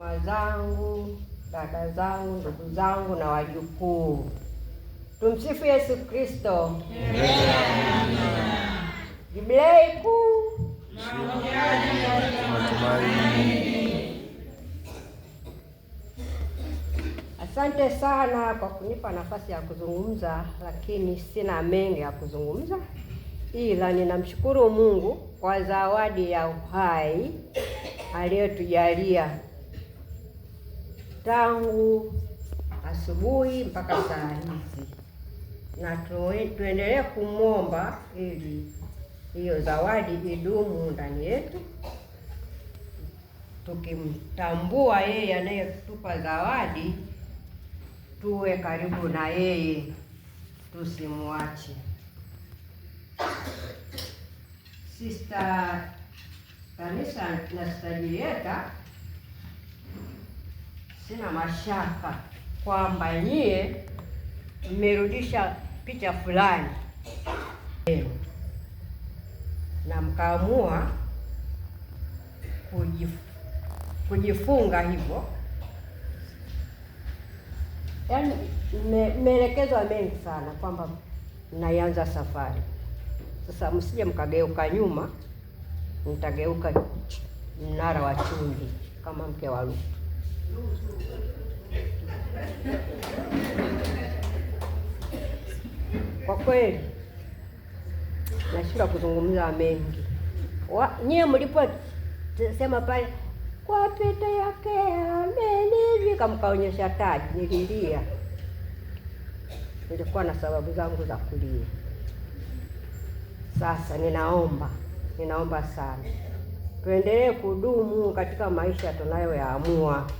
wazangu, dada zangu, ndugu zangu na wajukuu. Tumsifu Yesu Kristo. Jubilei kuu Asante sana kwa kunipa nafasi ya kuzungumza, lakini sina mengi ya kuzungumza, ila ninamshukuru Mungu kwa zawadi ya uhai aliyotujalia tangu asubuhi mpaka saa hizi, na tuendelee kumwomba ili hiyo zawadi idumu ndani yetu, tukimtambua yeye anayetupa zawadi, tuwe karibu na yeye, tusimwache. Sista Kanisa na Sista Julieta sina mashaka kwamba nyie mmerudisha picha fulani na mkaamua kujif, kujifunga hivyo. Yaani mmeelekezwa mengi sana kwamba mnaianza safari sasa, msije mkageuka nyuma, mtageuka mnara wa chumvi kama mke wa Lutu. Kwa kweli nashindwa kuzungumza mengi. Nyie mlipo sema pale kwa pete yake amenivika, mkaonyesha taji, nililia. Nilikuwa na sababu zangu za kulia. Sasa ninaomba, ninaomba sana tuendelee kudumu katika maisha tunayoyaamua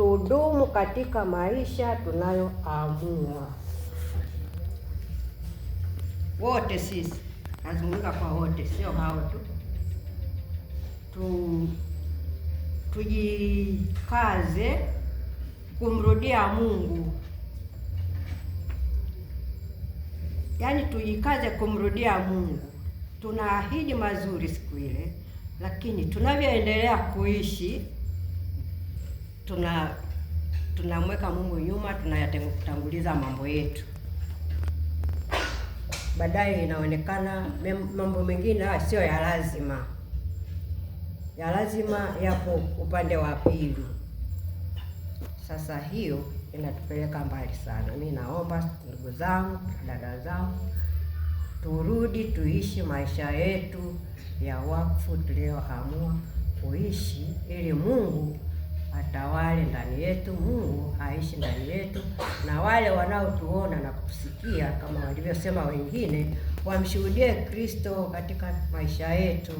tudumu katika maisha tunayoamua. Wote sisi, nazungumza kwa wote, sio hao tu tu tujikaze kumrudia Mungu, yaani tujikaze kumrudia Mungu. Tunaahidi mazuri siku ile, lakini tunavyoendelea kuishi tuna tunamweka Mungu nyuma, tunayatanguliza mambo yetu, baadaye inaonekana mambo mengine sio ya lazima. Ya lazima yapo upande wa pili. Sasa hiyo inatupeleka mbali sana. Mi naomba ndugu zangu, dada zangu, turudi tuishi maisha yetu ya wakfu tuliyoamua kuishi ili Mungu atawale ndani yetu, Mungu aishi ndani yetu, na wale wanaotuona na kutusikia kama walivyosema wengine, wamshuhudie Kristo katika maisha yetu.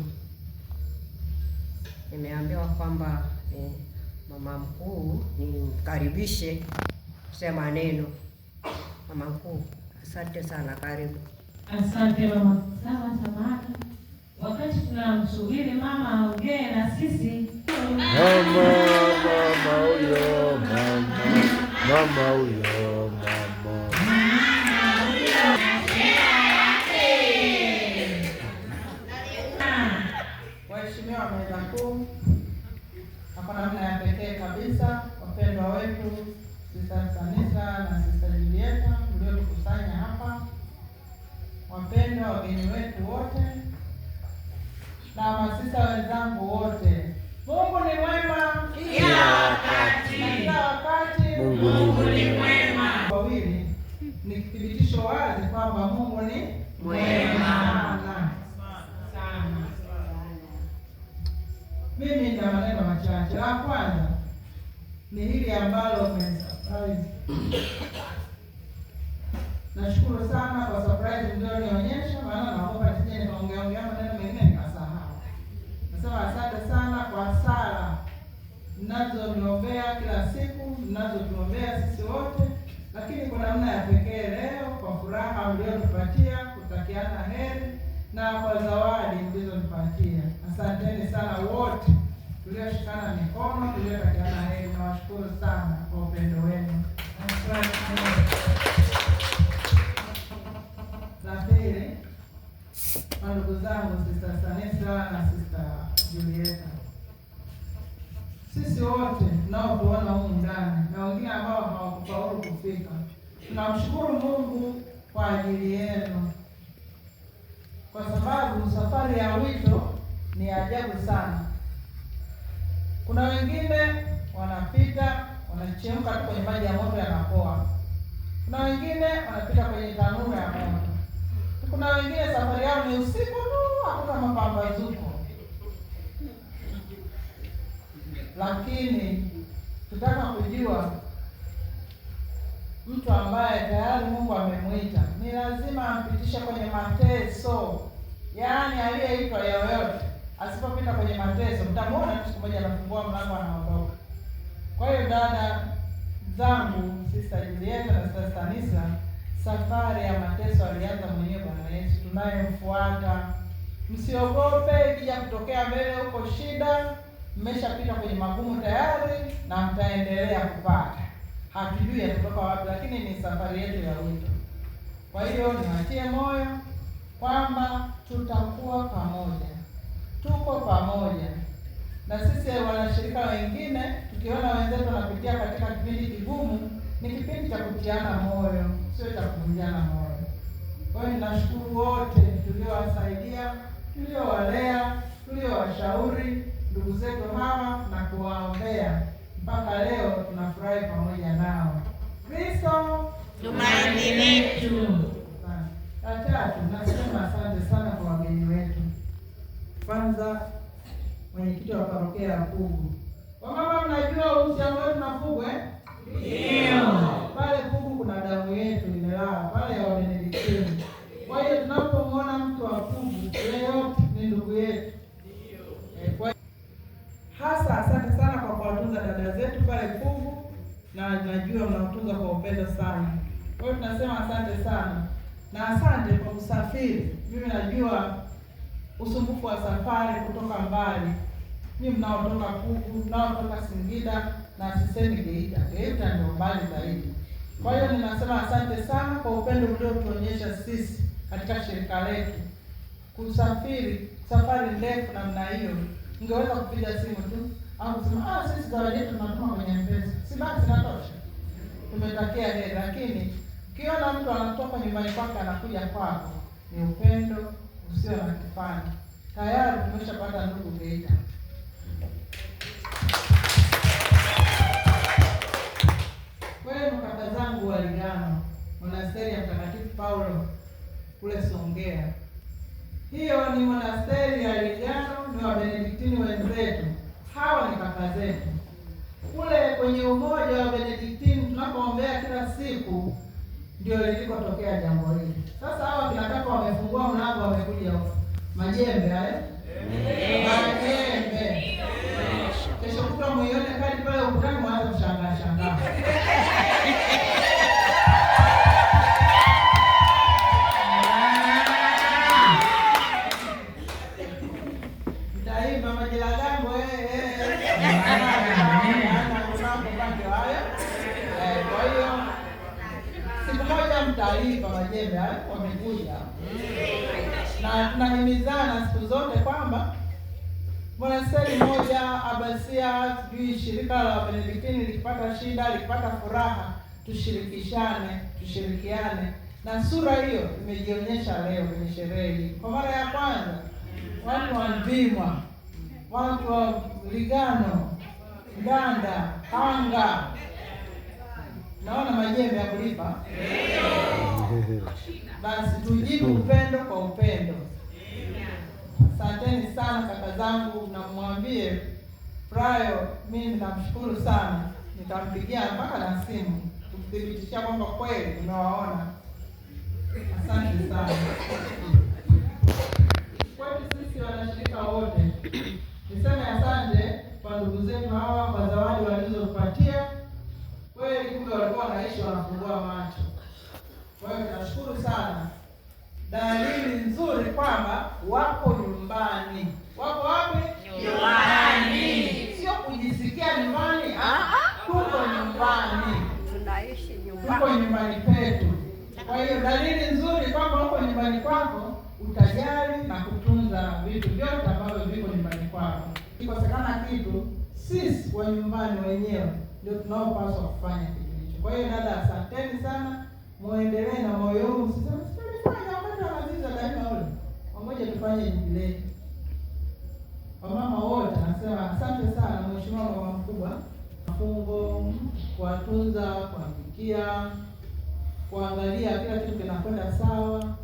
Nimeambiwa kwamba eh, mama mkuu nimkaribishe kusema neno. Mama mkuu, asante sana, karibu. Asante mama. ambalo umenisurprise. Nashukuru sana kwa surprise mlionionyesha, maana naomba nisije nikaongea ongea maneno mengine nikasahau. Nasema asante sana kwa sala mnazoniombea kila siku, mnazotuombea sisi wote, lakini kwa namna ya pekee leo kwa furaha mliotupatia, kutakiana heri na kwa zawadi mlizonipatia. Asanteni sana wote tulioshikana mikono, tuliotakiana heri. Nashukuru sana kwa upendo wenu. La pili, ndugu zangu, Sister Sanisa na Sister Julieta, sisi wote tunaotuona humu ndani na wengine ambao hawakufaulu kufika, tunamshukuru Mungu kwa ajili yenu, kwa sababu safari ya wito ni ajabu sana. Kuna wengine wanapita wanachemka tu kwenye maji ya moto yanapoa. Kuna wengine wanapita kwenye tanuru ya moto. Kuna wengine safari yao ni usiku tu, hakuna mapambazuko. Lakini tutaka kujua mtu ambaye tayari Mungu amemwita ni lazima ampitishe kwenye mateso, yaani aliyeitwa yoyote asipopita kwenye mateso, mtamwona siku moja anafungua mlango anaondoka. Kwa hiyo dada zangu, Sister Julieta na Sister Stanisa, safari ya mateso alianza mwenyewe Bwana Yesu tunayemfuata. Msiogope, ikija kutokea mbele huko shida, mmeshapita kwenye magumu tayari na mtaendelea kupata. Hatujui yatatoka wapi, lakini ni safari yetu ya wito. Kwa hiyo niwatie moyo kwamba tutakuwa pamoja, tuko pamoja na sisi wanashirika wengine tukiona wenzetu wanapitia katika kipindi kigumu, ni kipindi cha kutiana moyo, sio cha kuvunjana moyo. Kwa hiyo ninashukuru wote tuliowasaidia, tuliowalea, tuliowashauri ndugu zetu hawa na kuwaombea mpaka leo, tunafurahi pamoja nao. Kristo tumaini letu. La tatu, nasema asante sana kwa wageni wetu kwanza mwenyekiti wa parokia ya Pugu. Wamama, mnajua uhusiano wetu na Pugu eh? Ndio. Pale Pugu kuna damu yetu imelala pale ya wabenediktini. Kwa hiyo tunapomwona mtu wa Pugu yeyote ni ndugu yetu. Eh, kwa hasa asante sana kwa kuwatunza dada zetu pale Pugu na najua mnatunza kwa upendo sana. Kwa hiyo tunasema asante sana. Na asante kwa kusafiri. Mimi najua usumbufu wa safari kutoka mbali, ni mnaotoka Pugu, mnaotoka Singida na sisemi Geita. Geita ndio mbali zaidi. Kwa hiyo ninasema asante sana kwa upendo mliotuonyesha sisi katika shirika letu. Kusafiri safari ndefu namna hiyo, ningeweza kupiga simu tu au kusema ah, sisi zawadi yetu tunatuma kwenye mpesa, si basi natosha, tumetakia heri. Lakini ukiona mtu anatoka nyumbani kwake anakuja kwako, ni upendo na wanakipande. Tayari tumeshapata ndugu Geita. Kwenu kaka zangu wa Ligano, monasteri ya Mtakatifu Paulo kule Songea, hiyo ni monasteri ya Ligano, ni Wabenediktini wenzetu, hawa ni kaka zetu kule kwenye umoja wa Benediktini tunapoombea kila siku, ndio ilikotokea jambo hili sasa மஞ்சள் இருந்தாலும் taarifa majembe wamekuja, mm. na tunahimizana siku zote kwamba monasteri moja abasia, sijui shirika la Benediktini likipata shida, likipata furaha, tushirikishane, tushirikiane, na sura hiyo imejionyesha leo kwenye sherehe hii kwa mara ya kwanza. Watu wa Mvimwa watu wa Ligano, Ndanda, Hanga Naona majembe ya kulipa. Basi tujibu upendo kwa upendo. Asanteni sana kaka zangu, namwambie Prayo, mimi namshukuru sana, nitampigia mpaka na simu tukuthibitisha kwamba kweli umewaona. Asante sana kwetu sisi wanashirika wote, niseme asante kwa ndugu zetu hawa Kwa hiyo dalili nzuri kwamba uko nyumbani kwako, utajali na kutunza vitu vyote ambavyo viko nyumbani kwako. Ikosekana kitu, sisi wa nyumbani wenyewe ndio tunaopaswa kufanya kitu hicho. Kwa hiyo dada, asanteni sana, muendelee na moyo huu, msiseme wakati wa mazizi pamoja, tufanye jubilei. Wamama wote anasema asante sana mheshimiwa mama mkubwa, mafungo, kuwatunza, kuwapikia kuangalia kila kitu kinakwenda sawa.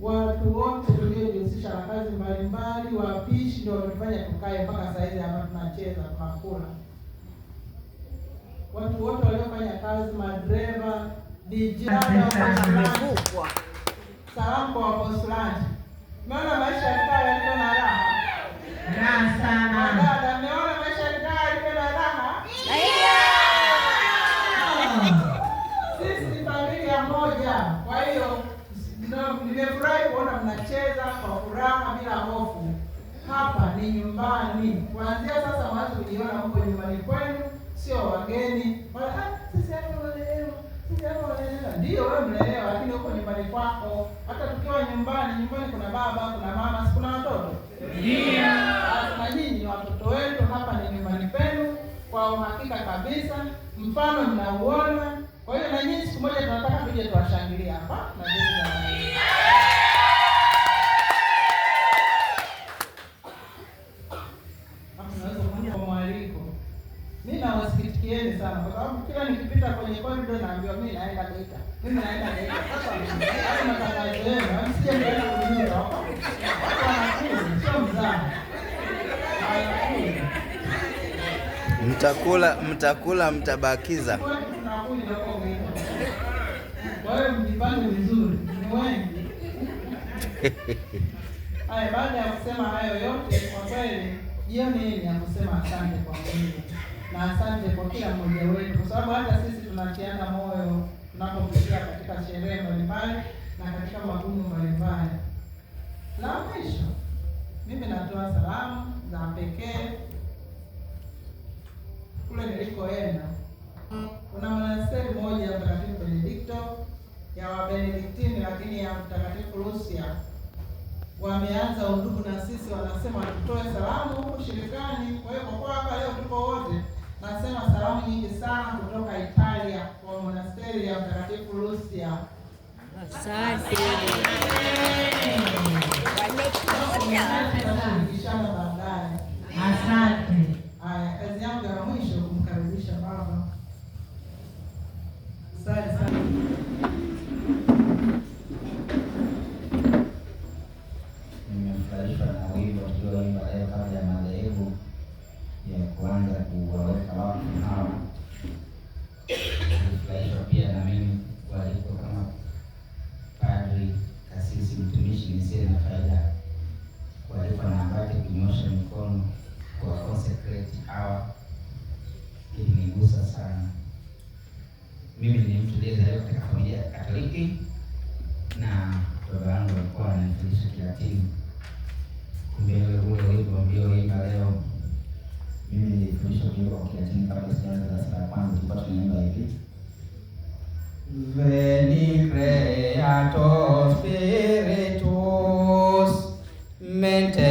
Watu wote tuliojihusisha na kazi mbalimbali, wapishi ndio wamefanya tukae mpaka saa hizi hapa tunacheza, tunakula. Watu wote waliofanya kazi, madereva, salamu kwa wakonsulati, maisha yakawa na raha hata tukiwa nyumbani. Nyumbani kuna baba, kuna mama, kuna watoto yeah. Na nyinyi watoto wetu, hapa ni nyumbani penu kwa uhakika kabisa, mfano mnauona. Kwa hiyo na nyinyi siku moja tunataka tuje tuwashangilie hapa na nikipita kwenye korido naambiwa mimi naenda Geita. Mimi naenda Geita. Sasa mimi matangazo yenu, eh, msije mkaenda kunyura hapo. Watu sio mzaha. Mtakula, mtakula, mtabakiza. Kwa hiyo mjipange vizuri. Ni wengi. Haya, baada ya kusema hayo yote, kwa kweli jioni hii ni ya kusema asante kwa Mungu na asante kwa kila mmoja wetu, kwa sababu hata sisi tunatiana moyo tunapofikia katika sherehe mbalimbali na katika magumu mbalimbali. La mwisho, mimi natoa salamu za pekee kule nilikoenda. Kuna monasteri moja ya Mtakatifu Benedikto ya Wabenediktini, lakini ya Mtakatifu Lusia wameanza undugu na sisi, wanasema tutoe salamu huku shirikani. Kwa hiyo kwa hapa leo tuko wote Nasema salamu nyingi sana kutoka Italia kwa monasteri ya Mtakatifu Lucia. Asante. Asante. imenigusa sana. Mimi ni mtu aliyezaliwa katika familia ya Katoliki na baba yangu alikuwa ananifundisha Kilatini. Kumbe ule wimbo mlioimba leo, mimi nilifundishwa kuimba kwa Kilatini kabla sijaanza darasa la kwanza, tulikuwa tunaimba hivi Veni Creator Spiritus Mentes